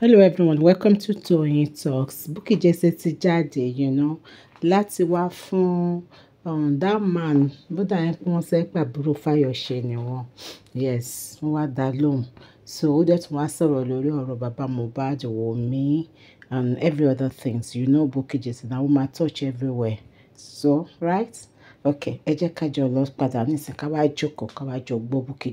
hello everyone welcome to Toyeen Talks Bukky Jesse ti jáde you know láti wá fún um, that man bódà yẹn pé wọ́n sẹ́ pàbúrò Fáyọ̀ṣe ni wọ́n yes wọ́n wá dá lóhùn so ó dẹ̀ tún wá sọ̀rọ̀ lórí ọ̀rọ̀ bàbá Mohbad Wunmi and every other things you know Bukky Jesse na woman touch everywhere so right okay ẹ jẹ́ ká jọ lọ padà nísìnyí ká wá jókòó ká wá jọ gbọ́ Bukky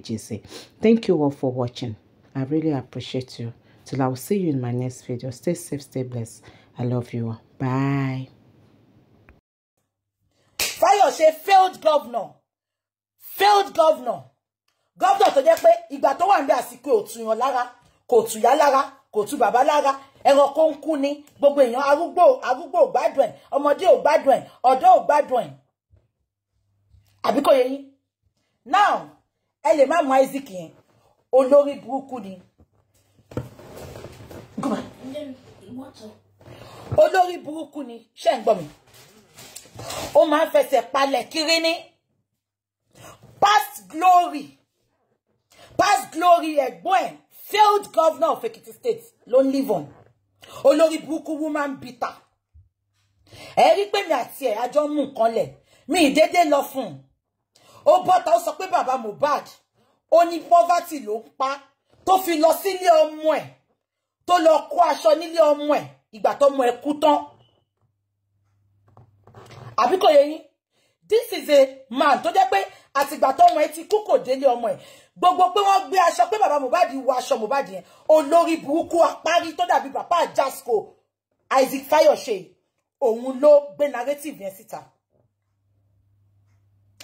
thank you all for watching i really appreciate you. Till I'll see you in my next video. Stay safe, stay blessed. I love you. all. Bye. say failed governor. Failed governor. Governor tó jẹ́ pé ìgbà tó wà ń bẹ àsìkò òtún yan lára, kò tù yá lára, kò tù bàbá lára, ẹranko ń kú ni, gbogbo èèyàn arúgbó arúgbó ò gbádùn ẹ̀, ọmọdé ò gbádùn ẹ̀, Now, ẹ lè má mú Isaac yẹn, Come on. Olórí burúkú ni, ṣé ń gbọ́ mi. Ó máa ń fẹsẹ̀ palẹ̀ kiri ní. Past glory. Past glory Eh, boy, failed governor of Ekiti state ló ń live on. Olórí burúkú woman bitter. Ẹ rí pé mi àti ẹ̀ àjọ mú nǹkan lẹ̀. Mi ìdédé lọ fún un. Ó bọ́ta ó sọ pé bàbá Mohbad ó ní poverty ló ń pa tó fi lọ sílé ọmọ ẹ̀. tó lọ kó aṣọ nílé ọmọ ẹ̀ ìgbà tọ́mọ ẹ̀ kú tán àbí kò yé this is a man tó jẹ́ pé àtìgbà tọ́mọ ẹ̀ ti kú kò délé ọmọ ẹ̀ gbogbo pé wọ́n gbé aṣọ pé bàbá Mohbad wọ aṣọ Mohbad yẹn olórí burúkú apárí tó dàbí bàbá àjàsíkò Isaac Fayose òun ló gbé narrative yẹn síta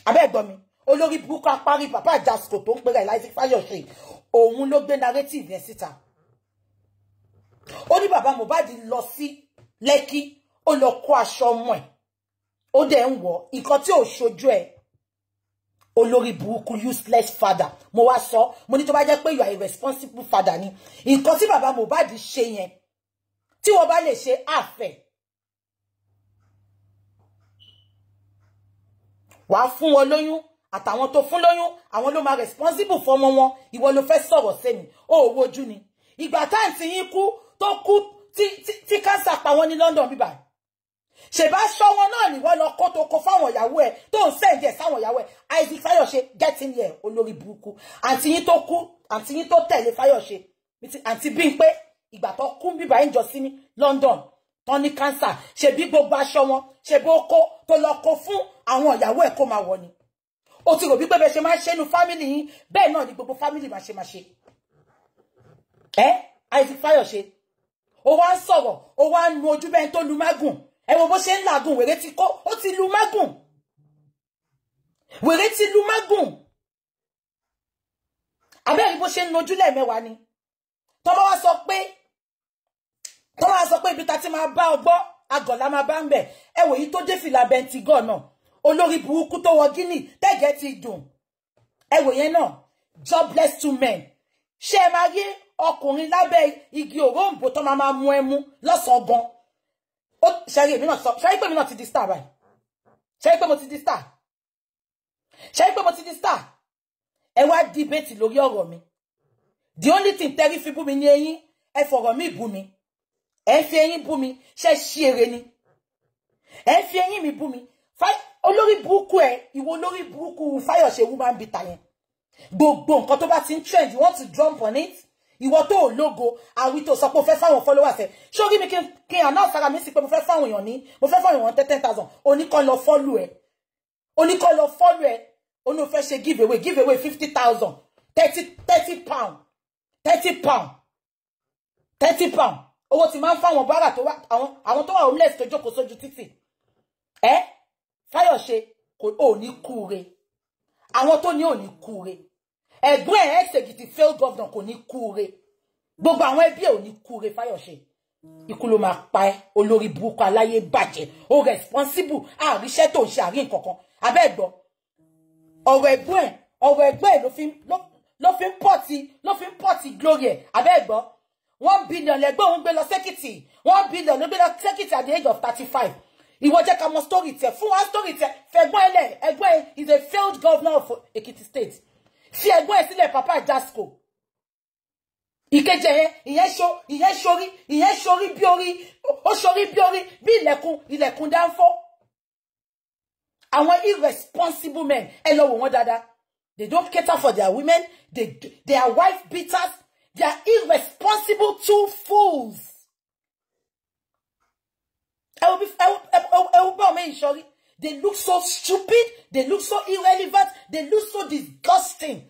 abẹ́ gbọ́ mi olórí burúkú apárí bàbá àjàsíkò tó ń pera ẹ̀ Isaac Fayose òun ló gbé narrative yẹn síta. rí bàbá Mohbad lọ sí Lẹ́kí ó lọ kó aṣọ ọmọ ẹ̀ ó dẹ̀ ń nǹkan tí ò ṣojú ẹ̀ olórí burúkú useless father mo wá sọ mo ní tó bá jẹ́ pé you are irresponsible father ni nǹkan tí bàbá Mohbad ṣe yẹn tí wọ́n bá lè ṣe àfẹ́ wàá fún wọn lóyún àtàwọn tó fún lóyún àwọn ló máa responsible fọmọ wọn ìwọ ló fẹ́ sọ̀rọ̀ ni. ó wojú ni ìgbà táǹtì yín kú tó kú tí cancer. pa wọ́n ní London bíbá ṣèbá sọ wọn náà ní wọ́n lọ kó tó kó fáwọn ìyàwó ẹ̀ tó ń sẹ́ǹdì ẹ̀ sáwọn ìyàwó ẹ̀ Isaac Fayose gẹ́tì ní ẹ̀ olórí burúkú àǹtí yín tó kú àǹtí yín tó tẹ̀lé Fayose àǹtí Bímpé ìgbà tó kú bíbá ẹ̀ ń jọ sí ní London tán ní kánsà ṣèbí gbogbo aṣọ wọn ṣèbí ó kó tó lọ kó fún àwọn ìyàwó ẹ̀ kó máa wọ̀ ni o ti rò bí pẹ́pẹ́ ṣe máa ń ṣe nu fámìlì yín bẹ́ẹ̀ náà ni gbogbo fámìlì máa ṣe máa ṣe ẹ́ Isaac Fayose ó wá ń sọ̀rọ̀ ó wá ń nu ojú bẹ́ẹ̀ tó lu mágùn ẹ wo bó ṣe ń làágùn wèrè ti kó ó ti lu mágùn wèrè ti lu mágùn abẹ́rẹ́ bó ṣe ń nojú lẹ́ẹ̀mẹ́wàá ni tọ́ba wá sọ pé tọ́ba wá sọ pé ibi ta ti máa bá ọgbọ́ agọ̀lá máa bá ń bẹ̀ ẹ wò yí tó dé fìlà bẹntigọ́ náà olórí burúkú tó wọ gíní tẹ́jẹ́ ti dùn ẹ wò yẹn náà jobless two men ṣé ẹ máa ọkùnrin lábẹ́ igi òróǹbó tó máa máa mú ẹmu lọ́sọ̀ọ̀bọ̀n ó ṣẹ́rí èmi náà sọ ṣẹ́rí pé èmi náà ti di star báyìí pé mo ti star pé mo ti star ẹ wá debate lórí ọ̀rọ̀ mi the only thing tẹ́rí fi bú mi ní eyín ẹ fọ̀rọ̀ mi bú mi ẹ fi eyín bú mi ṣe ṣí eré ni ẹ fi eyín mi bú mi olórí burúkú ẹ ìwọ olórí burúkú Fáyọ̀ṣe woman bitter yẹn gbogbo nǹkan tó bá trend you want to jump on it ìwọ tó lógo àwí tó sọ pé o fẹ́ fáwọn followers Show me mi kí n àná fara mi sí pé mo fẹ́ fáwọn èèyàn ní mo fẹ́ fáwọn èèyàn ten thousand oníkan lọ follow ẹ oníkan lọ follow ẹ onú fẹ́ ṣe give away give away fifty thousand thirty thirty pound thirty pound thirty pound owó ti máa ń fáwọn bárà tó wà àwọn àwọn tó wà homeless tó jókòó sójú títì ẹ Fáyọ̀ṣe kò ò ní I want tó ní ò ní ẹ̀gbọ́n ẹ̀ ẹ̀sẹ̀gìtì fail governor kò ní kúure gbogbo àwọn ẹbí ẹ̀ ò ní kúure Fáyọ̀ṣe ikú ló máa pa ẹ́ olórí burúkú aláyé bàjẹ́ o responsible àríṣẹ́ tó ń ṣe àrí nkankan abẹ́ẹ̀gbọ́ ọ̀rọ̀ ẹ̀gbọ́n ẹ̀ ọ̀rọ̀ ẹ̀gbọ́n ẹ̀ ló fi ń pọ̀tì ló fi ń pọ̀tì glory ẹ̀ abẹ́ẹ̀gbọ́ one billion lẹ́gbẹ́ òun gbé lọ sẹ́kìtì one billion ló gbé lọ sẹ́kìtì at the age of thirty five ìwọ jẹ́ ká mọ̀ story tẹ̀ fún wa story tẹ̀ fẹ̀gbọ́n ẹlẹ̀ ẹ̀gbọ́n is a failed governor of Ekiti state fi ẹ̀gbọ́n ẹ̀ sílẹ̀ papa Jasco ìkejì ẹ̀yẹ ìyẹn ṣo ìyẹn ṣorí ìyẹn ṣorí bí orí ó ṣorí bí orí bí ilẹ̀kùn ilẹ̀kùn dáńfọ́ àwọn irresponsible men ẹ lọ wò wọ́n they don't cater for their women they they are wife beaters they are irresponsible two fools I will ẹ wo bí ẹ wo ẹ wo bá ọmọ yìí ṣorí they look so stupid. They look so irrelevant. They look so disgusting.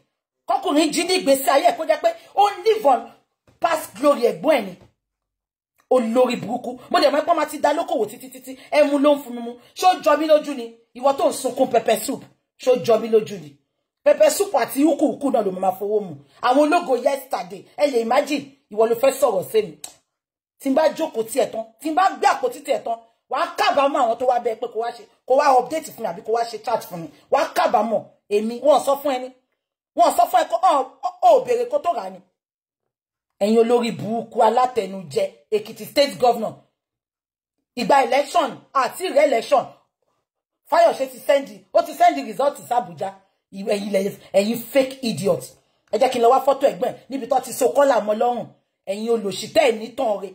Kọ́kùnrin jí ní ìgbésí ayé kó jẹ́ pé ó live on past glory ẹ̀gbọ́n ẹ̀ ni. Olórí burúkú. Mo dẹ̀ mọ̀ pé ọmọ ti da lókòwò títí títí. Ẹmu ló ń fún mu. Ṣé ó jọ mí lójú ni? Ìwọ tó ń sunkún pepper soup. Ṣé ó jọ mí lójú ni? Pepper soup àti ukú ukú náà ló máa fowó mu. Àwọn ológo yesterday. Ẹ lè imagine ìwọ ló fẹ́ sọ̀rọ̀ sí mi. Tí n bá jókòó tiẹ̀ tán. Tí n bá gbé àpótí tiẹ̀ tán. wà á kábàámọ̀ àwọn tó wá bẹ́ẹ̀ pé kó wá ṣe kó update fún mi àbí kó wá ṣe chat fún mi wà á kábàámọ̀ èmi wọ́n sọ fún ẹni wọ́n sọ fún ẹ kó ọ béèrè kó tó rà ni. ẹ̀yin olórí burúkú alátẹnujẹ Èkìtì state governor ìgbà election àti ìrẹ́ election Fáyọ̀ṣe ti sẹ́ndì ó ti sẹ́ndì result sí Àbújá ẹ̀yin fake idiot ẹ jẹ́ kí n wa wá fọ́tò ẹ̀gbọ́n níbi tó ti so kọ́là mọ́ lọ́rùn ẹ̀yin olòṣìtẹ́ ẹ̀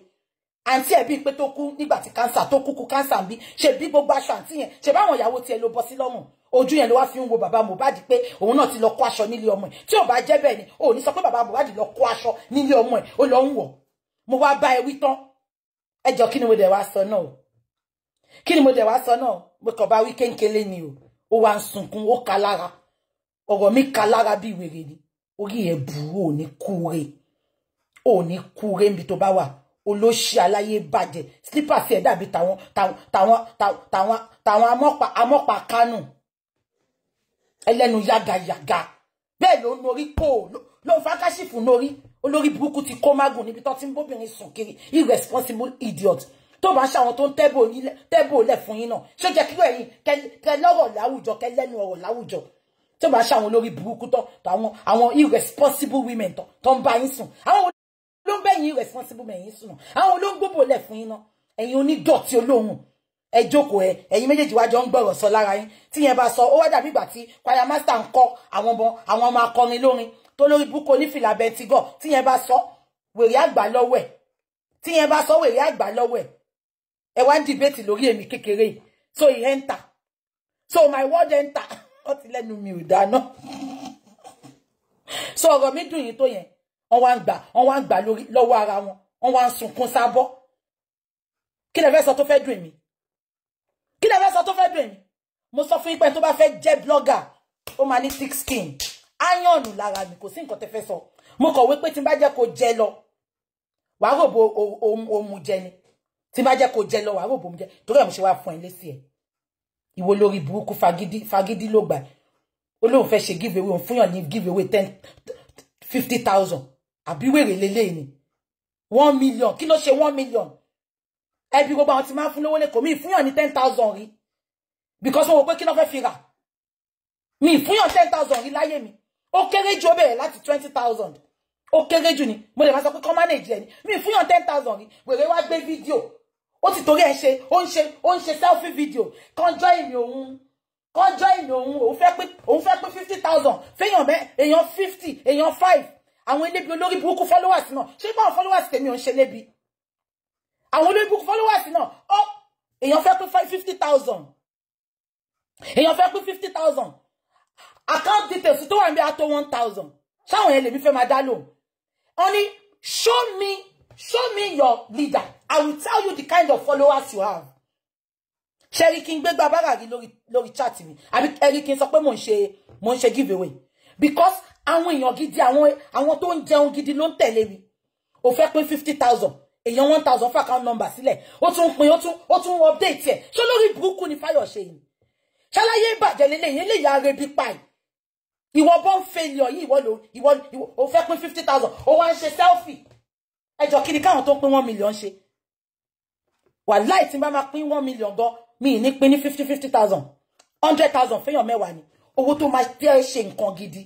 àǹtí ẹ̀ bíi pé tó kú nígbà tí kánsà tó kúkú kánsà ń bí ṣe bí gbogbo aṣọ àǹtí yẹn ṣe báwọn ìyàwó tiẹ̀ ló bọ́ sí lọ́rùn ojú yẹn ló wá fi ń wo bàbá Mohbad pé òun náà ti lọ kó aṣọ nílé ọmọ ẹ̀ tí ò bá jẹ́ bẹ́ẹ̀ ni ò ní sọ pé bàbá Mohbad lọ kó aṣọ nílé ọmọ ẹ̀ ó lọ ń wọ̀ mo wá bá ẹ wí tán ẹ jọ kí ni mo dẹ̀ wá sọ náà kí ni mo dẹ̀ wá sọ náà mo kàn bá wí kéńkélé ni o ó wá ń sunkún ó ka lára ọ̀rọ̀ mi ka lára bí wèrè ni orí ẹ̀ bù ò ní kúre ò ní kúre níbi tó bá wà olóṣì aláyé bàjẹ́ slippers ẹ̀ dàbí tàwọn tàwọn tàwọn tàwọn amọ́pa amọ́pa kánù ẹlẹ́nu yàgàyàgà bẹ́ẹ̀ ló ń norí kó ló ń fákàṣìfù norí olórí burúkú ti kó mágùn níbi tó ti ń bóbìnrin kiri irresponsible idiot tó bá ṣàwọn tó ń tẹ́bò lẹ̀ fún yín náà ṣó jẹ́ kíló ẹ̀yin kẹ lọ́rọ̀ láwùjọ kẹ lẹ́nu ọ̀rọ̀ láwùjọ tó bá ṣàwọn olórí burúkú tó àwọn irresponsible women tó ń bá yín sùn àwọn ẹ̀yin responsible mẹ̀yìn sùn àwọn olóńgbòbò lẹ̀ fún yín náà ẹ̀yin onídọ̀tí olóhùn ẹ jókòó ẹ ẹ̀yin méjèèjì wá jọ ń gbọ́rọ̀ sọ lára yín tí yẹn bá sọ ó wá dàbí ìgbà tí choir master ń kọ́ àwọn ọmọ àwọn ọmọ akọrin lórin tó lórí búkọ onífìlà bẹntigọ tí yẹn bá sọ wèrè àgbà lọ́wọ́ ẹ̀ tí yẹn bá sọ wèrè àgbà lọ́wọ́ ẹ̀ ẹ wá ń dìbẹ́tì lórí èmi kékeré yìí so he enter so my word enter ó ti lẹ́nu mi ò dáná so ọ̀rọ̀ mi dùn yín tó yẹn wọ́n wá ń gbà wọ́n wá ń gbà lórí lọ́wọ́ ara wọn wọ́n wá ń sunkún sábọ́ kí lè fẹ́ sọ tó fẹ́ dùn mí kí lè fẹ́ sọ tó fẹ́ dùn mí mo sọ fún yín pé tó bá fẹ́ jẹ́ blogger ó máa ní thick skin áyọ̀nù lára mi kò sí nǹkan tẹ́ fẹ́ sọ mo kọ̀ wí pé tí n bá jẹ́ kó jẹ lọ wàá rò bo ohun jẹ ni tí n bá jẹ́ kó jẹ lọ wàá rò bo ohun jẹ torí ẹ̀ mo ṣe wá fún ẹ lé sí ẹ ìwo lórí burúkú fagídí fagídí ló gbà olóhùn fẹ́ ṣe giveaway òun fúnyàn ní giveaway ten fifty thousand àbí wèrè lélẹ́yìn ni one million kí ló ṣe one million ẹbí gbogbo àwọn tí máa ń fún lówó lẹ́kọ̀ọ́ mi ìfúnyàn ní ten thousand rí because mo wò pé kí ló fẹ́ fi rà mi ìfúnyàn ten thousand rí láyé mi ó kéré jù ó bẹ̀rẹ̀ láti twenty thousand ó kéré jù ni mo lè máa sọ pé kọ́ manage ẹ ni mi ìfúnyàn ten thousand rí wèrè wá video. fídíò ó ti torí ẹ ṣe ó ń ṣe ó ń ṣe selfie video kan join mi òun kan join mi òun òun fẹ́ pé òun fẹ́ pé fifty thousand fẹ́yàn mẹ́ èèyàn fifty èèyàn five àwọn elébi olórí burúkú followers náà ṣé báwọn followers tèmi ò ń ṣe lébi àwọn olórí burúkú followers náà ọ èèyàn fẹ́ pín fifty thousand èèyàn fẹ́ pín fifty thousand account details tó wà níbi àtó one thousand ṣáwọn yẹn lèmi fẹ́ máa dá lóhùn show me show me your leader I will tell you the kind of followers you have ṣẹ́rí King, n gbé gbàbára rí lórí lórí chat mi àbí ẹ̀rí kí sọ pé mò ń ṣe mò ń ṣe giveaway because àwọn èèyàn gidi àwọn àwọn tó ń jẹun gidi ló ń tẹ̀lé mi ò fẹ́ pín fifty thousand èèyàn one thousand fún account number sílẹ̀ ó tún pín ó tún ó tún update ẹ̀ ṣé lórí burúkú ni Fáyọ̀ṣe yìí ṣáláyé ìbàjẹ́ lélẹ́yìn eléyìí arẹbí pie ìwọ bọ́n failure yìí ìwọ ló ìwọ ò fẹ́ pín fifty thousand ó wá ń ṣe selfie ẹjọ́ kí ni káwọn tó pín one million ṣe wàláì tí n bá máa pín one million gan mi ní pín ní fifty fifty thousand hundred thousand fẹ́yàn mẹ́wàá ni owó tó máa jẹ́ ṣe nǹkan gidi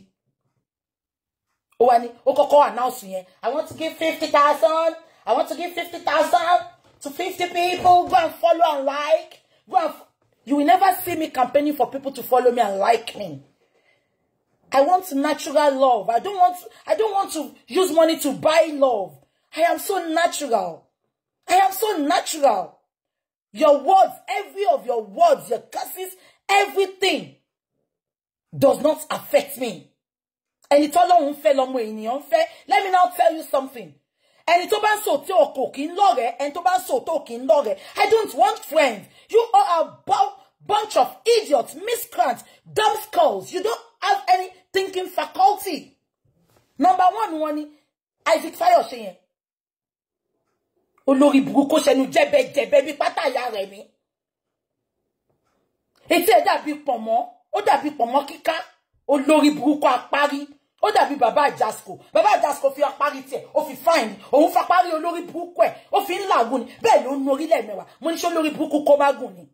ó wá ní announce yẹn i want to give fifty thousand i want to give fifty thousand to fifty people go and follow and like go and you will never see me campaigning for people to follow me and like me. I want natural love. I don't want I don't want to use money to buy love. I am so natural. I am so natural. Your words, every of your words, your curses, everything does not affect me ẹni tọ́lọ́run fẹ́ lọ́mọ ènìyàn fẹ́ let me now tell you something ẹni tó bá ń sòótọ́ ọkọ̀ kì so ẹni tó bá ń sòótọ́ kì í lọ́rẹ̀ẹ́ I loree eni to ba n sooto ki i i do not want friends you are a bunch of idiots miscreants dumb skulls you don't have any thinking faculty number one wọn ni Isaac Fayose yẹn olórí burúkú sẹnu jẹbẹjẹbẹ bí pátá ìyá rẹ ni etí ẹ dàbí pọ̀nmọ́ ó dàbí pomo kíká olórí burúkú apárí ó dàbí bàbá àjàsíkò bàbá àjàsíkò fi apárí tiẹ̀ ó fi fáìn ní òun fapárí olórí burúkú ẹ̀ ó fi ń làágùn ni bẹ́ẹ̀ ló nu orílẹ̀ mẹ́wàá mo ní ṣé olórí burúkú kó má gùn ni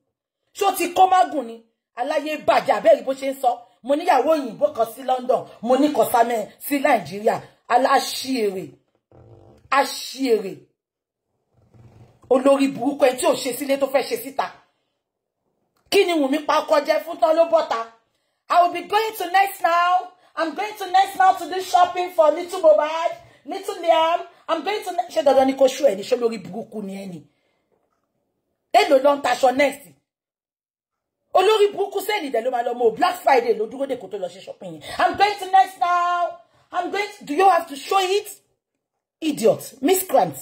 ṣé ti kó má gùn ni aláyé bàjẹ́ àbẹ́rẹ́ bó ṣe ń sọ mo níyàwó òyìnbó kan sí London mo ní kan sámẹ́ sí Nàìjíríà aláṣìírè aṣìírè olórí burúkú ẹ̀ tí ò ṣe sílé tó fẹ́ ṣe síta kí ni wùmí pa ọkọ̀ jẹ́ fún tán ló bọ́ta I will be going to next now. I'm going to next now to do shopping for Little Mohbad, Little Liam. I'm going to next. Ṣé dandan ni show ẹ ní ṣé lórí burúkú ni not lori ní? They don't want n taṣọ next. Olórí burúkú sẹ́ni dẹ̀ ló máa lọ mọ́ Black Friday ló dúró dè kó tó lọ shopping i I'm going to next now. I'm going to, do you have to show it? Idiot, miscreant,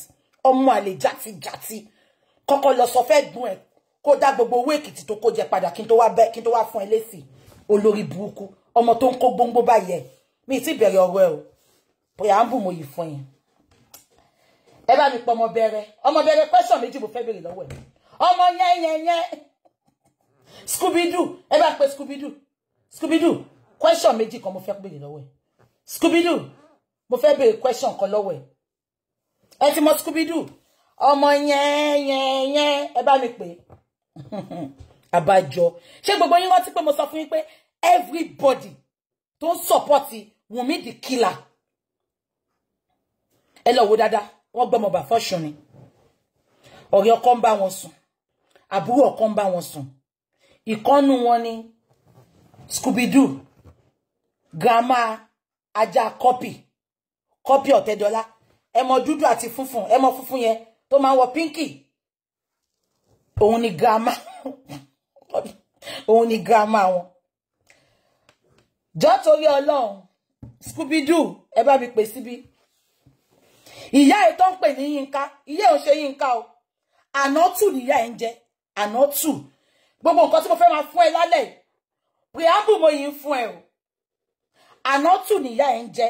ọmọ jati jati, Kọ́kọ́ lọ sọ fẹ́ gbọ́n ẹ̀ kó dá gbogbo owó Èkìtì tó kó jẹ kinto kí n tó wá fún lésì. Olórí burúkú ọmọ tó ń kó gbóngbó báyẹ mi ti bẹ̀rẹ̀ ọ̀rọ̀ ẹ o bóyá mo yìí fún yín ẹ bá mi pọ ọmọ bẹ̀rẹ̀ ọmọ bẹ̀rẹ̀ pẹ́sàn méjì mo fẹ́ béèrè lọ́wọ́ ẹ ọmọ yẹn yẹn yẹn Scooby-Doo ẹ bá pe Scooby-Doo Scooby-Doo question méjì kan mo fẹ́ béèrè lọ́wọ́ ẹ Scooby-Doo mo fẹ́ béèrè question kan lọ́wọ́ ẹ ẹ ti mọ Scooby-Doo ọmọ yẹn yẹn yẹn ẹ bá mi pè é abájọ ṣé gbogbo yín rántí pé mo sọ fún yín pé everybody don't support support Wunmi the killer ẹ lọ what about wọ́n gbọ́mọ bà fọ́ṣùn ni ọ̀rẹ́ ọkọ ń bá wọn sùn àbúrò ọkọ ń bá wọn sùn ìkọ́nù wọn ni Scooby-Doo grandma ajá kọ́pì kọ́pì ọ̀tẹ́dọ́lá ẹmọ dúdú àti funfun ẹmọ funfun yẹn tó máa ń wọ pínkì òun ni grandma òun grandma jọ́ torí ọlọ́run Scooby-Doo ẹ bá mi pè síbí ìyá ẹ̀ tó ń pè ní Yínká ìyá ò ṣe Yínká o àná tù níyà ẹ̀ ń jẹ àná tù gbogbo nǹkan tí mo fẹ́ máa fún ẹ lálẹ́ pìábù mo yìí ń fún ẹ o àná tù níyà ẹ̀ ń jẹ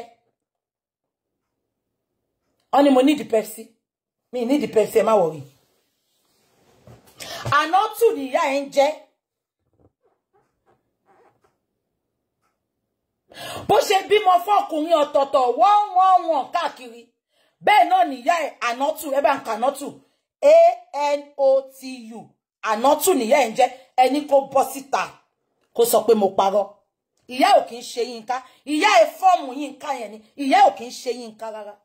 ọ ni mo ní ìdí Pepsi mi ní ìdí Pepsi ẹ má wọrí àná tù níyà ẹ̀ ń jẹ. bó ṣe bímọ fọkùnrin ọ̀tọ̀ọ̀tọ̀ wọ́n wọ́n wọ́n káàkiri bẹ́ẹ̀ náà nìyá ẹ̀ ànátù ẹ bá ń kà ànátù a-n-o-t-u ànátù nìyá ẹ̀ ń jẹ́ ẹni kó bọ́ síta kó sọ pé mo parọ́ ìyá ò kì í ṣe Yínká ìyá ẹ̀ fọ́ọ̀mù Yínká yẹn ni ìyá ò kì í ṣe Yínká rárá.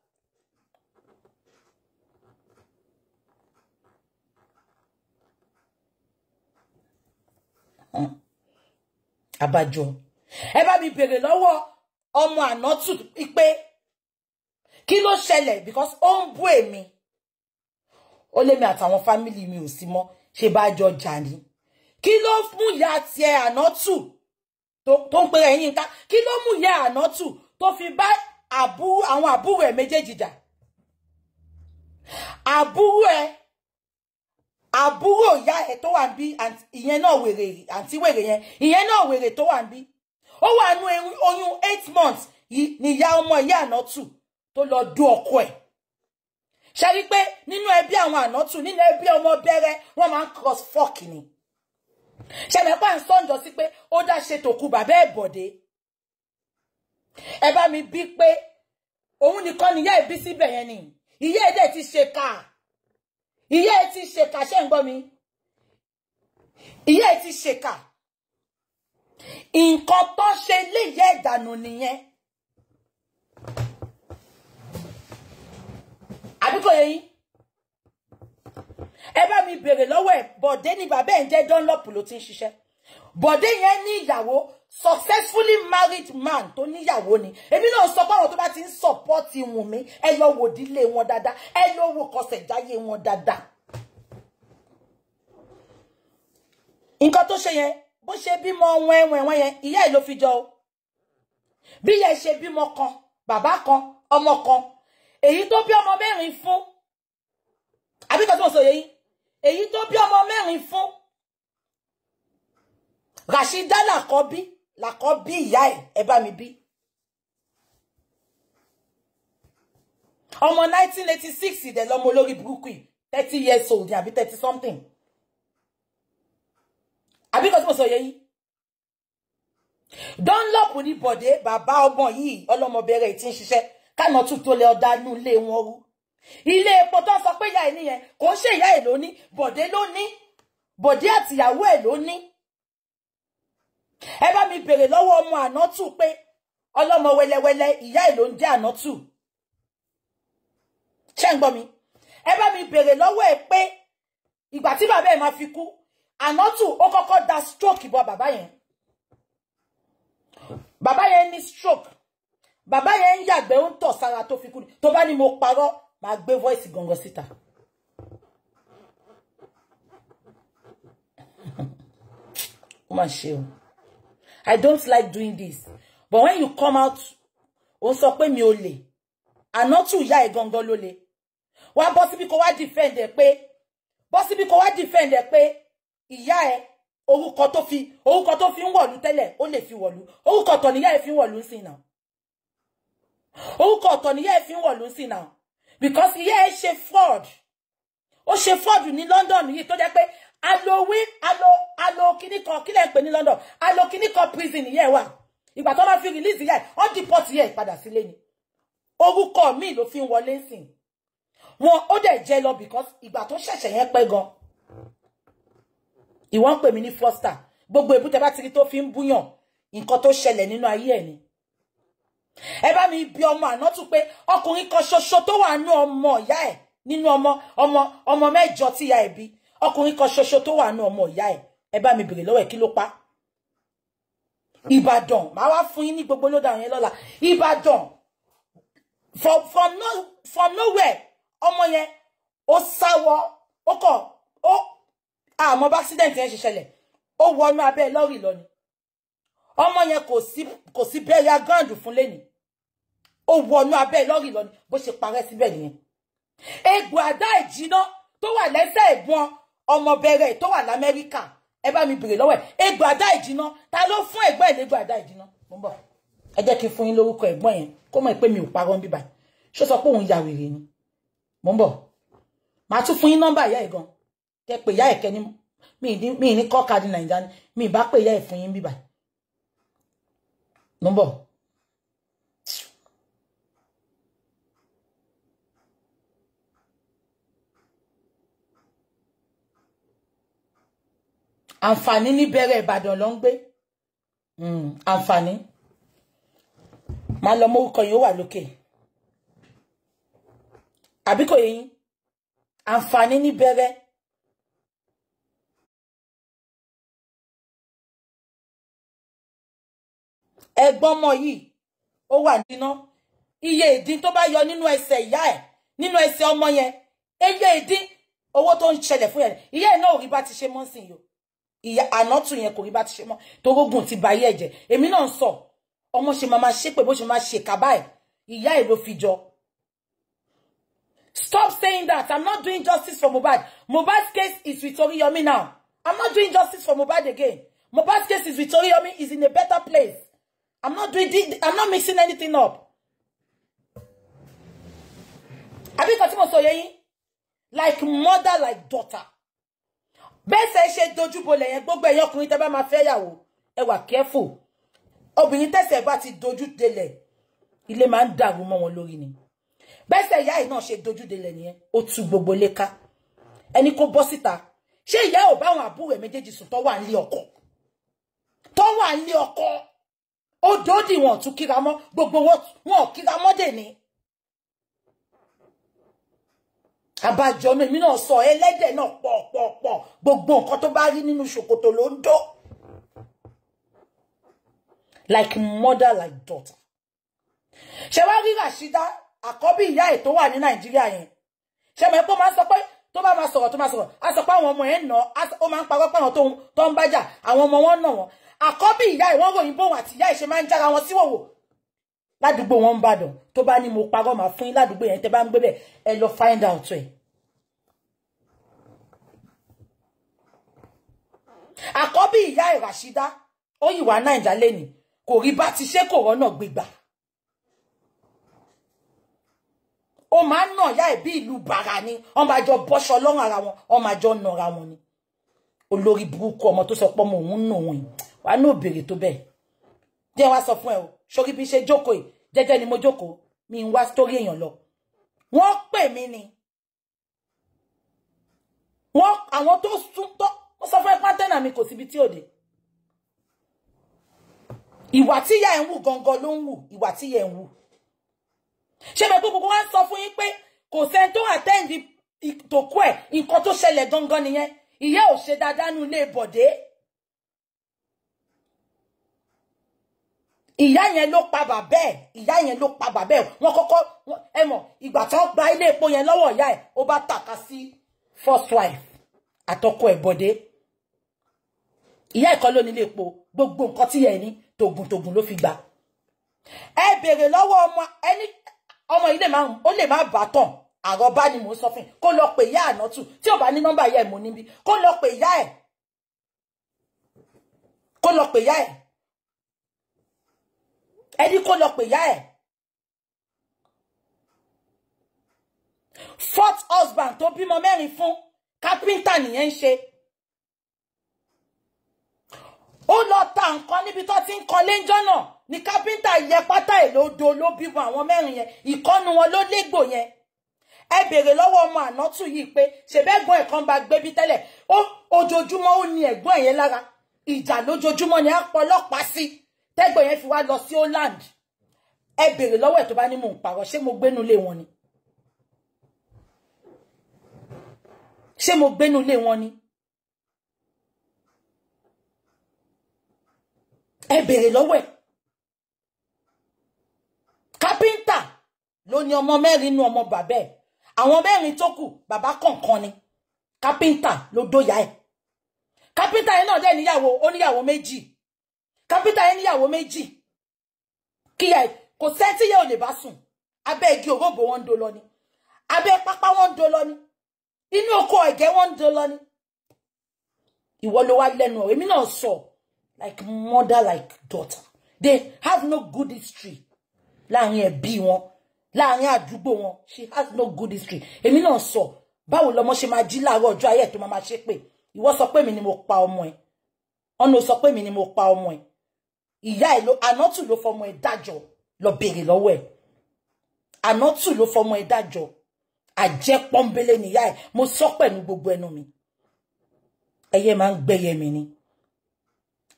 abájọ. Hmm ẹ bá mi bèrè lọ́wọ́ ọmọ ànátù pé kí ló ṣẹlẹ̀ because ó ń bú èmi ó lémi àtàwọn fámìlì mi ò sí mọ́ ṣe bá jọ jà ní kí ló ya ìyá tiẹ̀ ànátù tó ń pèrè yín ká kí ló mú ìyá ànátù tó fi bá àwọn àbúrò ẹ̀ méjèèjì jà àbúrò ẹ̀ àbúrò ìyá ẹ̀ tó wà ń bí ìyẹn náà wèrè àǹtí wèrè yẹn ìyẹn náà wèrè tó wà ó wà nú oyún eight months níyá ọmọ ìyá ànátù tó lọ dó ọkọ ẹ̀ ṣe rí pé nínú ẹbí àwọn ànátù nínú ẹbí ọmọ bẹ̀rẹ̀ wọ́n máa ń cross fork ni ṣẹlẹpà ń sọǹjọ sí pé ó dá ṣe tòkú bàbá ẹ̀ bọ̀dé ẹ bá mi bí pé òun nìkan níyá ìbí síbẹ̀ yẹn ni ìyá èdè ti ṣe ká ìyá ẹ̀ ti ṣe ká ṣe ń gbọ́ mi ìyá ẹ̀ ti ṣe ká nǹkan tó ṣe léyẹ ìdànù nìyẹn àbíkò yẹyìn ẹ bá mi béèrè lọ́wọ́ ẹ̀ bọ̀dé ni bàbá ẹ̀ ń jẹ́ Dunlop ló ti ń ṣiṣẹ́ bọ̀dé yẹn ní ìyàwó successfully married man tó níyàwó ni èmi náà sọ pé àwọn tó bá ti ń sọpọ́ọ̀tì Wùnmí ẹ lọ wò dílé wọn dáadáa ẹ lọ wò kọsẹ̀ jáyé wọn dáadáa nǹkan tó ṣe yẹn bó ṣe bímọ wọn ẹwọn ẹwọn yẹn ìyá ẹ̀ ló fi jọ o bí yẹn ṣe bímọ kan bàbá kan ọmọ kan èyí tó bí ọmọ mẹ́rin fún àbíkọ tó ń sọ yẹyí èyí tó bí ọmọ mẹ́rin fún Rashida làkọ́bí làkọ́bí ìyá ẹ̀ ẹ bá mi bí ọmọ 1986 dẹ̀ lọ́mọ olórí burúkú yìí thirty years old àbí thirty something àbí kan tí mo sọ yẹ yín Dunlop ní Bọ̀dé bàbá ọgbọ̀n yìí ọlọ́mọbẹ̀rẹ̀ tí ń ṣiṣẹ́ kánà tún tó lẹ ọ̀dà inú ilé wọn rú ilé epo tó sọ pé ìyá ẹ̀ nìyẹn kò ń ṣe ìyá ẹ̀ ló ní Bọ̀dé ló àtìyàwó ẹ̀ ló ẹ bá mi bèrè lọ́wọ́ ọmọ ànátù pé ọlọ́mọ wẹlẹwẹlẹ ìyá ẹ̀ ló ń jẹ́ ànátù ṣé ń gbọ́ mi ẹ bá mi bèrè lọ́wọ́ ẹ̀ pé ìgbà tí bàbá ẹ̀ máa fi kú àná not to kọ́kọ́ that stroke bọ bàbá yẹn bàbá yẹn ní stroke bàbá yẹn ń yàgbẹ́ ń tọ̀ sára tó fi kú ni tó bá ku to ba ni mo parọ́ màá gbé voice gangan síta. ó mà ṣe o don't like doing this but when you come out ó sọ pé mi ole. le not to ya bọ́ lo wa kó wa defend ẹ pé bọ́ síbi wá defend ẹ pé. ìyá ẹ orúkọ tó fi orúkọ tó fi ń wọ̀lú tẹ́lẹ̀ ó lè fi wọ̀lú orúkọ ọ̀tọ̀ níyá ẹ fi ń wọ̀lú sí náà orúkọ ọ̀tọ̀ níyá ẹ fi ń wọ̀lú sí náà because ìyá ẹ ṣe fraud ó ṣe fraud ní London yìí tó jẹ́ pé alowi alo alo kíní kan kílẹ̀ ń pè ní London alo kíní kan prison ìyá ẹ wà ìgbà tó bá fi release ìyá ẹ ó deport ìyá ẹ padà sílé ni orúkọ míì ló fi ń wọlé sìn wọn ó dẹ̀ jẹ́ lọ because ìgbà tó ṣẹ̀ṣẹ̀ yẹn pẹ́ gan ìwọ ń pè mí ní foster gbogbo èbúté bá ti rí tó fi ń búyàn nǹkan tó ṣẹlẹ̀ nínú ayé ẹ̀ ni ẹ bá mi bi ọmọ ànátù pé ọkùnrin kan ṣoṣo tó wà nú ọmọ ìyá ẹ̀ nínú ọmọ ọmọ ọmọ mẹ́jọ tí ìyá ẹ̀ bí ọkùnrin kan ṣoṣo tó wà nú ọmọ ìyá ẹ̀ ẹ bá mi bèrè lọ́wọ́ ẹ̀ kí ló pa Ìbàdàn màá wá fún yín ní gbogbo lódà yẹn lọ́la Ìbàdàn from from no from nowhere ọmọ yẹn ó sáwọ ó kọ ó àmọ́ bá accident yẹn ṣe ṣẹlẹ̀ ó wọnú abẹ́ lọ́rì lọ ni ọmọ yẹn kò sí kò sí bẹ́ẹ̀yà gáàndù fún lẹ́ni ó wọnú abẹ́ lọ́rì lọ ni bó ṣe parẹ́ síbẹ̀ nìyẹn egbò àdá ìjìnà tó wà lẹ́sẹ̀ ìbọn ọmọ bẹ̀rẹ̀ tó wà lamẹ́ríkà ẹ bá mi bèrè lọ́wọ́ ẹ̀ egbò àdá ìjìnà ta ló fún ẹ̀gbọ́n ẹ̀ lẹ́gbò àdá ìjìnà mo ń bọ̀ ẹ jẹ́ kí n fún yín lórúkọ ẹ̀gbọ́n yẹn kó mọ̀ pé mi ò parọ́ bíbá ṣó sọ pé òun ya wèrè ni mo ń bọ̀ màá tún fún yín nọ́mbà ìyá ẹ̀ gan tẹ pé ìyá ẹ̀kẹ́ ni mi ní kọ́ka ní nàìjíríà ni mi bá pé ìyá ẹ̀ fún yín bíbà nùbọ̀. àǹfààní níbẹ̀rẹ̀ ìbàdàn ló ń gbé hmm, àǹfààní máa lọ mórúkọ yìí ó wà lókè àbí kò yé yín àǹfààní níbẹ̀rẹ̀ ẹ̀gbọ́n ọmọ yìí ó wà níná iye ìdín tó bá yọ nínú o wa iye to ànátù yẹn eye owo to fun yen o ri ba ti se mo iya yen torógùn ti bayé èmi emi ṣe máa máa ṣe máa se ìyá ẹ̀ ló Stop saying that. I'm not doing justice for Mubad. Mubad's case is with Oriyomi now. I'm not doing justice for Mubad again. Mubad's case is with Oriyomi. is in a better place. I'm not doing this. I'm not mixing anything up. Àbí kan tí mo sọ yé yín. Like mother, like daughter. Best ṣe ṣe dojúbolẹ̀ yẹn gbogbo ẹ̀yọ́ ọkùnrin tẹ́ bá máa fẹ́ yàwó. Ẹ wà careful. Obìnrin tẹ̀sẹ̀ bá ti dojú delẹ̀. Ilé máa ń dàrú mọ́ wọn lórí ni. Bẹ́ẹ̀ ṣe ìyá yìí náà ṣe dojú delẹ̀ nìyẹn. Ó tú gbogbo lé ká. Ẹni kó bọ́ síta. Ṣé ìyá ò bá àwọn àbúrò ẹ̀ méjèèjì sùn tó wà nílé ó dòdì wọn tún kíra mọ́ gbogbo wọn ò kíra mọ́ dè ní. àbájọ mèmí náà sọ ẹlẹ́dẹ̀ náà pọ̀pọ̀pọ̀ gbogbo nǹkan tó bá rí nínú ṣòkòtò ló ń dó. like mother like daughter. ṣé wàá rí Rashida àkọ́bí ìyá ẹ̀ tó wà ní Nàìjíríà yẹn ṣé mọ̀ ẹ́ pé ó máa ń sọ pé tó bá máa sọ̀rọ̀ tó máa sọ̀rọ̀ á sọ pé àwọn ọmọ ẹ̀ ń nà ó máa ń parọ́ pé àwọn tó ń bájà àwọn ọmọ wọn nà wọ́n àkọ́bí ìyá ẹ̀ wọ́n ròyìn bóun àti ìyá ẹ̀ ṣe máa ń jára wọn síwòwò ládùúgbò wọn ń bàdàn tó bá ní mo parọ́ màá fún yín ládùúgbò yẹn tẹ́ bá ń gbé bẹ̀ ẹ lọ find out ẹ̀. àkọ́bí ìyá ẹ̀ ó yìí Nàìjà lẹ́nìí kò rí bá ti ṣe kò rọ́nà gbégbà. ó máa ń nà ìyá ẹ̀ ìlú bàrà ni wọ́n máa jọ bọ́ṣọ lọ́rùn ara wọn wọ́n máa jọ nà ara wọn ni olórí burúkú ọmọ tó sọ pé ọmọ òun nà òun yìí wàá ní òbèrè tó bẹ́ẹ̀ jẹ́ wá sọ fún ẹ o sórí bí ṣe jókòó yìí ni mo jókòó mi ń wá sítórí èèyàn lọ wọ́n pè mí ni wọ́n àwọn tó sún tó wọ́n sọ fún ẹ pátẹ́nà mi kò síbi tí òde ìwà tíyà ẹ̀ ń wù gangan ló ń wù ìwà tíyà ẹ̀ ń wù ṣé bẹ́ẹ̀ gbogbo wa ń sọ fún yín pé kò sẹ́ni tó àtẹ́ǹdì ìtòkú ẹ̀ nǹkan tó ṣẹlẹ̀ gangan nìyẹn ìyá ò ṣe dáadáa nínú ilé Bọ̀dé. ìyá yẹn ló pa bàbá ẹ̀ ìyá yẹn ló pa bàbá ẹ̀ wọ́n kọ́kọ́ ẹ mọ̀ ìgbà tó gba ilé epo yẹn lọ́wọ́ ìyá ẹ̀ ó bá tàka sí first wife àtọkọ ẹ̀ bọ̀dé ìyá ẹ̀kọ́ ló nílé epo gbogbo nǹkan tí yẹn ní tògùn tògùn ló fi gbà ẹ béèrè lọ́wọ́ ọmọ ẹni ọmọ ilé máa ó lè má bà tán àròbá ni mò ń sọ fún yín kó lọ pè ìyá ànátù tí ò bá ní nọ́mbà ìyá ẹ̀ mo níbi kó lọ pè ìyá ẹ̀ kó lọ pè ìyá ẹ̀ ẹni kó lọ pè yá ẹ̀ fourth husband tó bímọ mẹ́rin fún kápẹ́ńtà nìyẹn ń ṣe ó lọ ta nǹkan níbi tó ti ń kan léńjọ́ náà ni kápẹ́ńtà yẹ pátá ẹ̀ ló do ló bímọ àwọn mẹ́rin yẹn ìkọ́nu wọn ló légbò yẹn ẹ béèrè lọ́wọ́ ọmọ ànátù yìí pé ṣèbẹ́gbọ́n ẹ̀ kan bá gbébí tẹ́lẹ̀ ó ojoojúmọ́ ó ní ẹ̀gbọ́n ẹ̀ yẹn lára ìjà lójoojúmọ́ ni á pọ̀ ọlọ́pàá sí. Si tẹ́gbọ̀n yẹn fi wá lọ sí Holland ẹ bèrè lọ́wọ́ ẹ̀ tó bá ní mò ń parọ́ ṣé mo gbénu lé wọn ni ṣé mo gbénu lé wọn ni ẹ bèrè lọ́wọ́ ẹ̀ kápẹ́ńtà ló ní ọmọ mẹ́rin nínú ọmọ bàbá ẹ̀ àwọn mẹ́rin tó kù bàbá kọ̀ọ̀kan ni kápẹ́ńtà ló dóyà ẹ̀ kápẹ́ńtà yẹn náà dẹ̀ níyàwó ó méjì kápítà yẹn níyàwó méjì kíyà kò sẹ́ńtì yẹn ò lè bá sùn abẹ́ igi òrógbó wọn ń do lọ ni abẹ́ pápá wọn ń do lọ ni inú oko ẹ̀gẹ́ wọn ń do lọ ni ìwọ ló wá lẹ́nu ọ̀rọ̀ èmi náà sọ like mother like daughter they have no good history láàrin ẹbí wọn láàrin àdúgbò wọn she has no good history èmi náà so. báwo lọmọ ṣe máa jí láàárọ̀ ọjọ́ ayé to tó máa máa ṣépè ìwọ sọ pé mi ni mo pa ọmọ ẹ̀ ọ̀nà sọ pé mi ni mo pa ọmọ ẹ̀ ìyá ẹ̀ ló anọ́tù ló fọmọ ẹ̀ dájọ́ lọ béèrè lọ́wọ́ ẹ̀ anọ́tù ló fọmọ ẹ̀ dájọ́ àjẹ́ pọ́nbélé nìyá ẹ̀ mo sọ pẹ̀lú gbogbo ẹnu mi ẹyẹ máa ń gbẹyẹ mi ni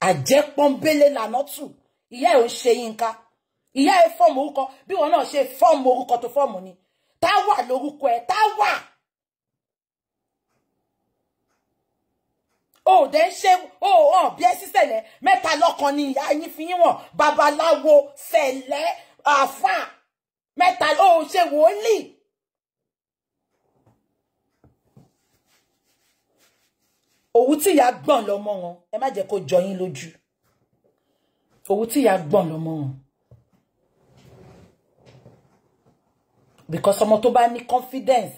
àjẹ́ pọ́nbélé lànọ́tù ìyá ẹ̀ ò ń ṣe yínká ìyá ẹ̀ fọ́ọ̀mù orúkọ bí wọn náà ṣe fọ́ọ̀mù orúkọ tó fọ́ọ̀mù ni tá lórúkọ ẹ̀ tá o dẹ̀ ń ṣe o hàn bí ẹ e sí sẹ̀lẹ̀ mẹ́ta lọ́kan ni ìyá yín fi yín wọ̀n babaláwo sẹ̀lẹ̀ àfà mẹ́ta o ṣe wòlíì. òwú tí ìyá gbọ̀n lọ́mọ wọn ẹ má jẹ́ kó jọ loju lójú òwú tí ìyá gbọ̀n lọ́mọ wọn. because ọmọ tó bá ní confidence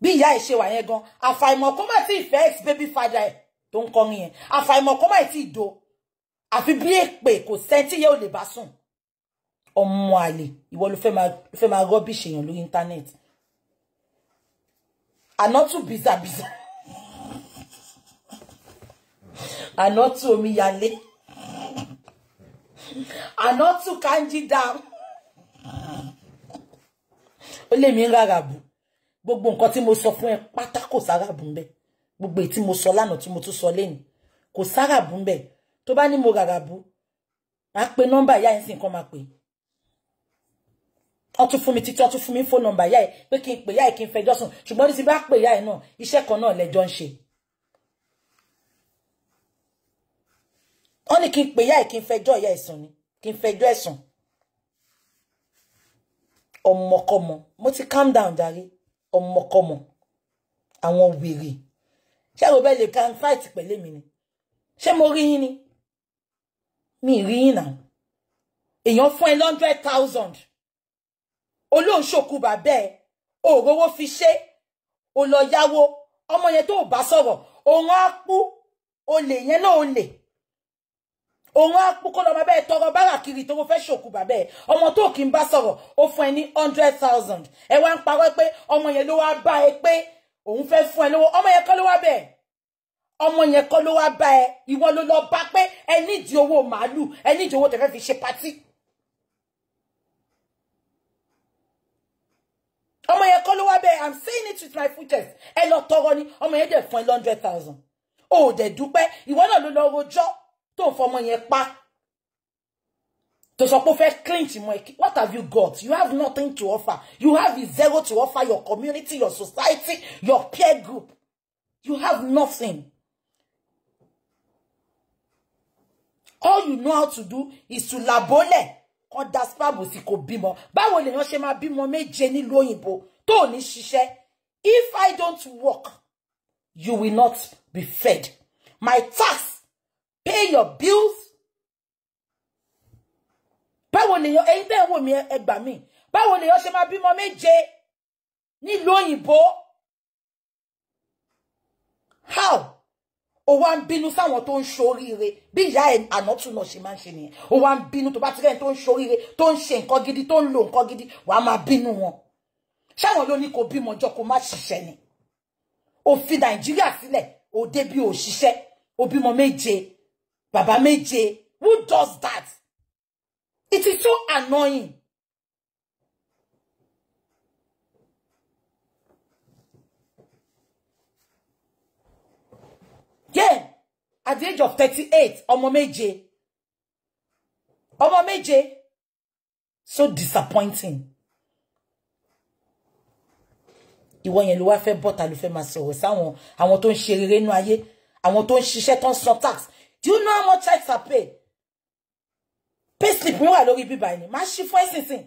bí ìyá ẹ̀ ṣe wà yẹn gan àfàìmọ̀ kó má ti ìfẹ́ ex baby father ẹ̀ tó ń kọrin yẹn àfàìmọ̀ kó má ti ìdó àfi bí èpè kò sẹ́ńtì yẹ́ ò lè bá sùn ọmọ àlè ìwọ ló fẹ́ máa rọ́bìṣì èèyàn lórí íńtánẹ́ẹ̀tì ànátù bìzàbìzà ànátù omíyalé ànátù kanji dam ó lè mí rárá gbogbo nǹkan tí mo sọ fún ẹ pátá kò sára bù ń bẹ gbogbo èyí tí mo sọ lánàá tí mo tún sọ lẹ́nu kò sára bù ń bẹ tó bá ní mo rárá bù á pe nọ́mbà ìyá ẹ̀ sì nǹkan máa pè ọ tún fún mi títí ọ tún mi fóònù nọ́mbà ìyá ẹ̀ pé kí n pè ìyá ẹ̀ kí ti bá pè ìyá ẹ̀ náà iṣẹ́ kan náà lẹ́jọ́ ń ṣe ó ní kí n pè ìyá ẹ̀ kí n ni kí n fẹjọ́ ẹ̀ sùn ọmọkọmọ mo ti calm down jàre ọmọkọmọ àwọn wèrè ṣé mo bẹ́ẹ̀ lè kan fight pẹ̀lẹ́ mi ni ṣé mo rí yín ni mi rí yín náà èèyàn fún ẹ hundred thousand olóńṣòkù bàbá ẹ òróró fi ṣe ó lọ yáwó ọmọ yẹn tó bá sọ̀rọ̀ òun á kú olè yẹn náà olè. òun á púpọ̀ lọ́mọ bẹ́ẹ̀ tọrọ kiri tó fẹ́ ṣòkú bàbẹ́ ẹ̀ ọmọ tó kì í sọ̀rọ̀ ó fún ní hundred thousand ẹ wá ń parọ́ pé ọmọ yẹn ló wá bá ẹ pé òun fẹ́ fún ẹ lówó ọmọ yẹn kọ́ bẹ̀ ọmọ yẹn kọ́ ló ẹ ìwọ ló lọ bá pé ẹ nídìí malu màálù ẹ nídìí owó tẹ̀fẹ́ fi ṣe patí. ọmọ yẹn kọ́ bẹ̀ i'm saying it with my full ẹ lọ tọrọ ni ọmọ yẹn dẹ̀ fún hundred thousand. hundred thousand ó dẹ̀ dúpẹ́ ìwọ náà ló lọ rojọ́ tó ń fọmọ yẹn pa tó sọ pé ó fẹ́ clinch mọ́ what have you got you have nothing to offer you have zero to offer your community your society your peer group you have nothing. all you know how to do is to labole kan da si kò bímọ ba wole ṣe bímọ méje nílùú òyìnbó tó ní ṣiṣẹ́ if i don't work you will not be fed my task pay your bills. Báwo lèèyàn ẹ̀yin tẹ́ ẹ̀ wò mí ẹ gbà mí? Báwo lèèyàn ṣe bi bímọ méje nílùú òyìnbó? How? O wá ń bínú sáwọn tó ń ṣoríire bí ìyá ẹ̀ no ṣe máa ń ṣe nìyẹn. O wá bínú tó bá ti rẹ́ni tó ń ṣoríire tó ń ṣe nǹkan gidi tó ń lo nǹkan gidi wàá máa bínú wọn. Ṣáwọn ló ní kò bímọ jọ kó má ṣiṣẹ́ ni. O fi Nàìjíríà sílẹ̀ òde O òṣìṣẹ́ o bi bímọ méje. Baba Meje, who does that? It is so annoying. Yeah, at the age of 38, Omo méje. Omo méje. So disappointing. Ìwọ yẹn ló wá fẹ́ bọ́ta ló fẹ́ máa sọ̀rọ̀ sáwọn àwọn tó ń ṣe rere nínú ayé, àwọn to ń ṣiṣẹ́ tó ń tax, do you know how much tax I pay pay slip mi wà lórí bíbá ẹni máa ṣí fún ẹsìnsìn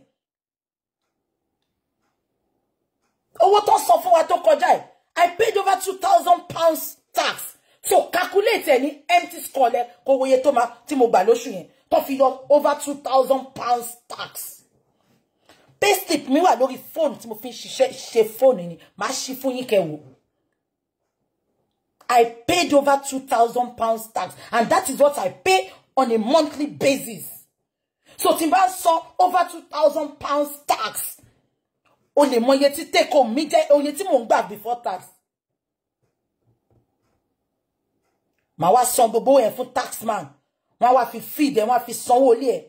owó tó sọ fún wa tó kọjá ẹ to koja I paid over two thousand pounds tax so calculate any empty scholar, go kò tó my tí mo gbà lóṣù yẹn over two thousand pounds tax pay slip mi wà lórí fóònù tí mo fi ń ṣiṣẹ́ ṣe fóònù ni màá ṣí fún I paid over 2,000 pounds tax. And that is what I pay on a monthly basis. So Timba saw bá san over 2,000 pounds tax. Ó lè money iye take home mi jẹ́, oye tí mò ń before tax. Màá wá san gbogbo ẹ̀ fún tax man. Wọ́n wá fi feed and wọ́n fi sanwó ilé ẹ̀.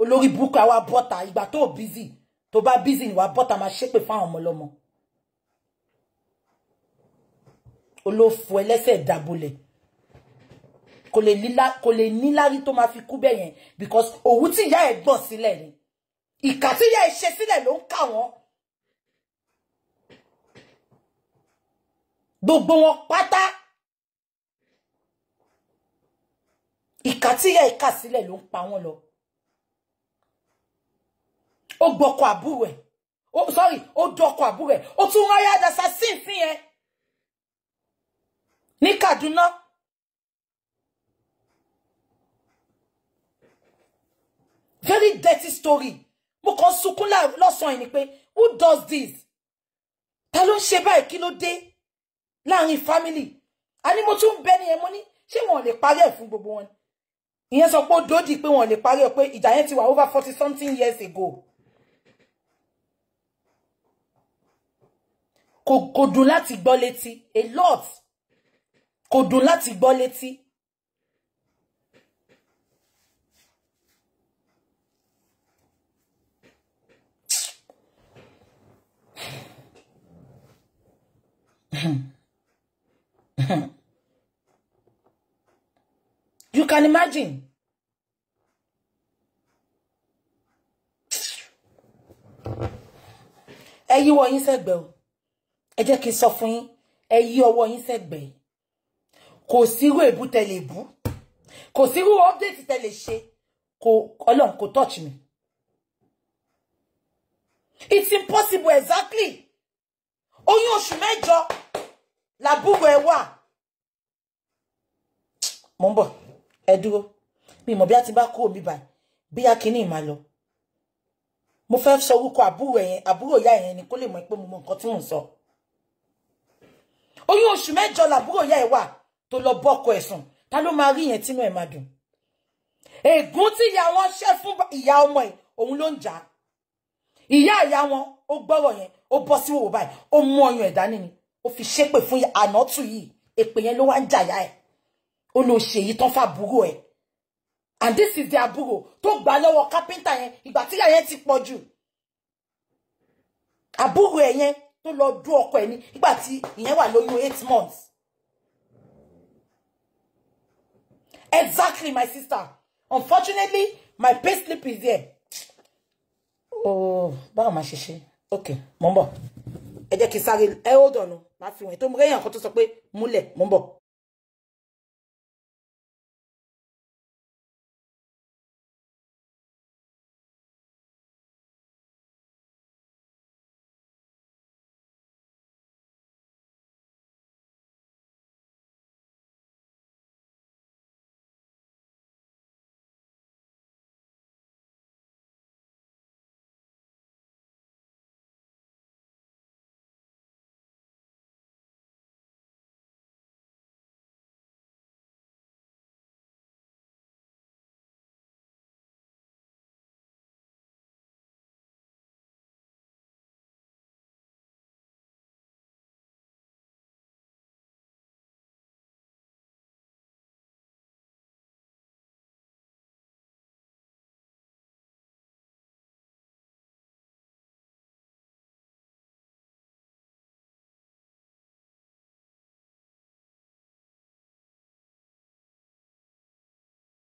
Olórí burúkú àwa bọ́tà ìgbà tó busy. To bá busy ni wàá bọ́tà máa ṣépè fáwọn ọmọ olófo ẹlẹ́sẹ̀ dàbolẹ̀ kò lè nílá kò lè nílárí tó máa fi kú bẹ́ẹ̀ yẹn because òwú tí ìyá ẹ̀ gbọ̀n sílẹ̀ ni ìkà tí ìyá ẹ̀ ṣe sílẹ̀ ló ń kà wọ́n gbogbo wọn pátá ìkà tí ìyá ẹ̀ kà sílẹ̀ ló ń pa wọ́n lọ ó gbọ́kọ̀ àbúrò ẹ̀ sorry ó dọ́kọ̀ àbúrò ẹ̀ ó tún ráyà dàsá sí ìfín yẹn ní Kaduna very dirty story mo kàn sunkún lọ́sàn-án ẹni pé who does this ta ló ń ṣe báyìí kí ló dé láàrin family a ní mo tún bẹ ní ẹ mo ní ṣé wọn lè parí ẹ fún gbogbo wọn ìyẹn sọ pé ó dòdì pé wọn lè parí ẹ pé ìjà yẹn ti wà over forty something years ago kò kò dùn láti gbọ́ létí a lot kò dùn láti gbọ́ létí. You can imagine. Ẹ you ọwọ́ yín sẹ́gbẹ̀ẹ́ o. Ẹ jẹ́ kí n sọ fún yín. Ẹ yí ọwọ́ yín kò sírú tẹ lè bú kò sírú update tẹ lè ṣe kò kò touch me it's impossible exactly oyún oṣù mẹ́jọ làbúrò ẹ wà mo ń bọ̀ ẹ dúró mi mọ̀ bí ti bá kúrò bíbá bí a kini ìmà lọ mo fẹ́ sọ orúkọ àbúrò ẹ̀yẹn àbúrò ya ya ni kó lè mọ̀ pé mo mọ nǹkan mò ń oyún oṣù mẹ́jọ ẹ̀ wà. To lọ bọ́kọ ẹ̀ sùn ta ló máa rí yẹn tínú ẹ̀ máa dùn ègún tí ìyá wọn ṣe fún ìyá ọmọ ẹ̀ òun ló ń jà ìyá ìyá wọn ó gbọ́rọ̀ yẹn ó bọ́ sí wòwò báyìí ó mú ọyàn ẹ̀ dání ni ó fi ṣépè fún ànátù yìí èpè yẹn ló wá ń jàyà ẹ̀ ó lọ ṣe èyí tán fàbúrò ẹ̀ and this is their àbúrò tó gbà lọ́wọ́ kápẹ́ńtà yẹn ìgbà tíyà yẹn ti pọ̀ jù àbúrò ẹ̀ to tó lọ dún ọkọ ẹ̀ ní ìgbà tí ìyẹn wà lóyún eight months Exactly, my sister. Unfortunately, my pay slip is there. Oh, ba ma ṣe Okay, mo ń bọ̀. Ẹ jẹ́ kí n ki n sare hold on o. Màá fi wọ̀nyí tó mú rẹ́yìn sokwe múlẹ̀ mo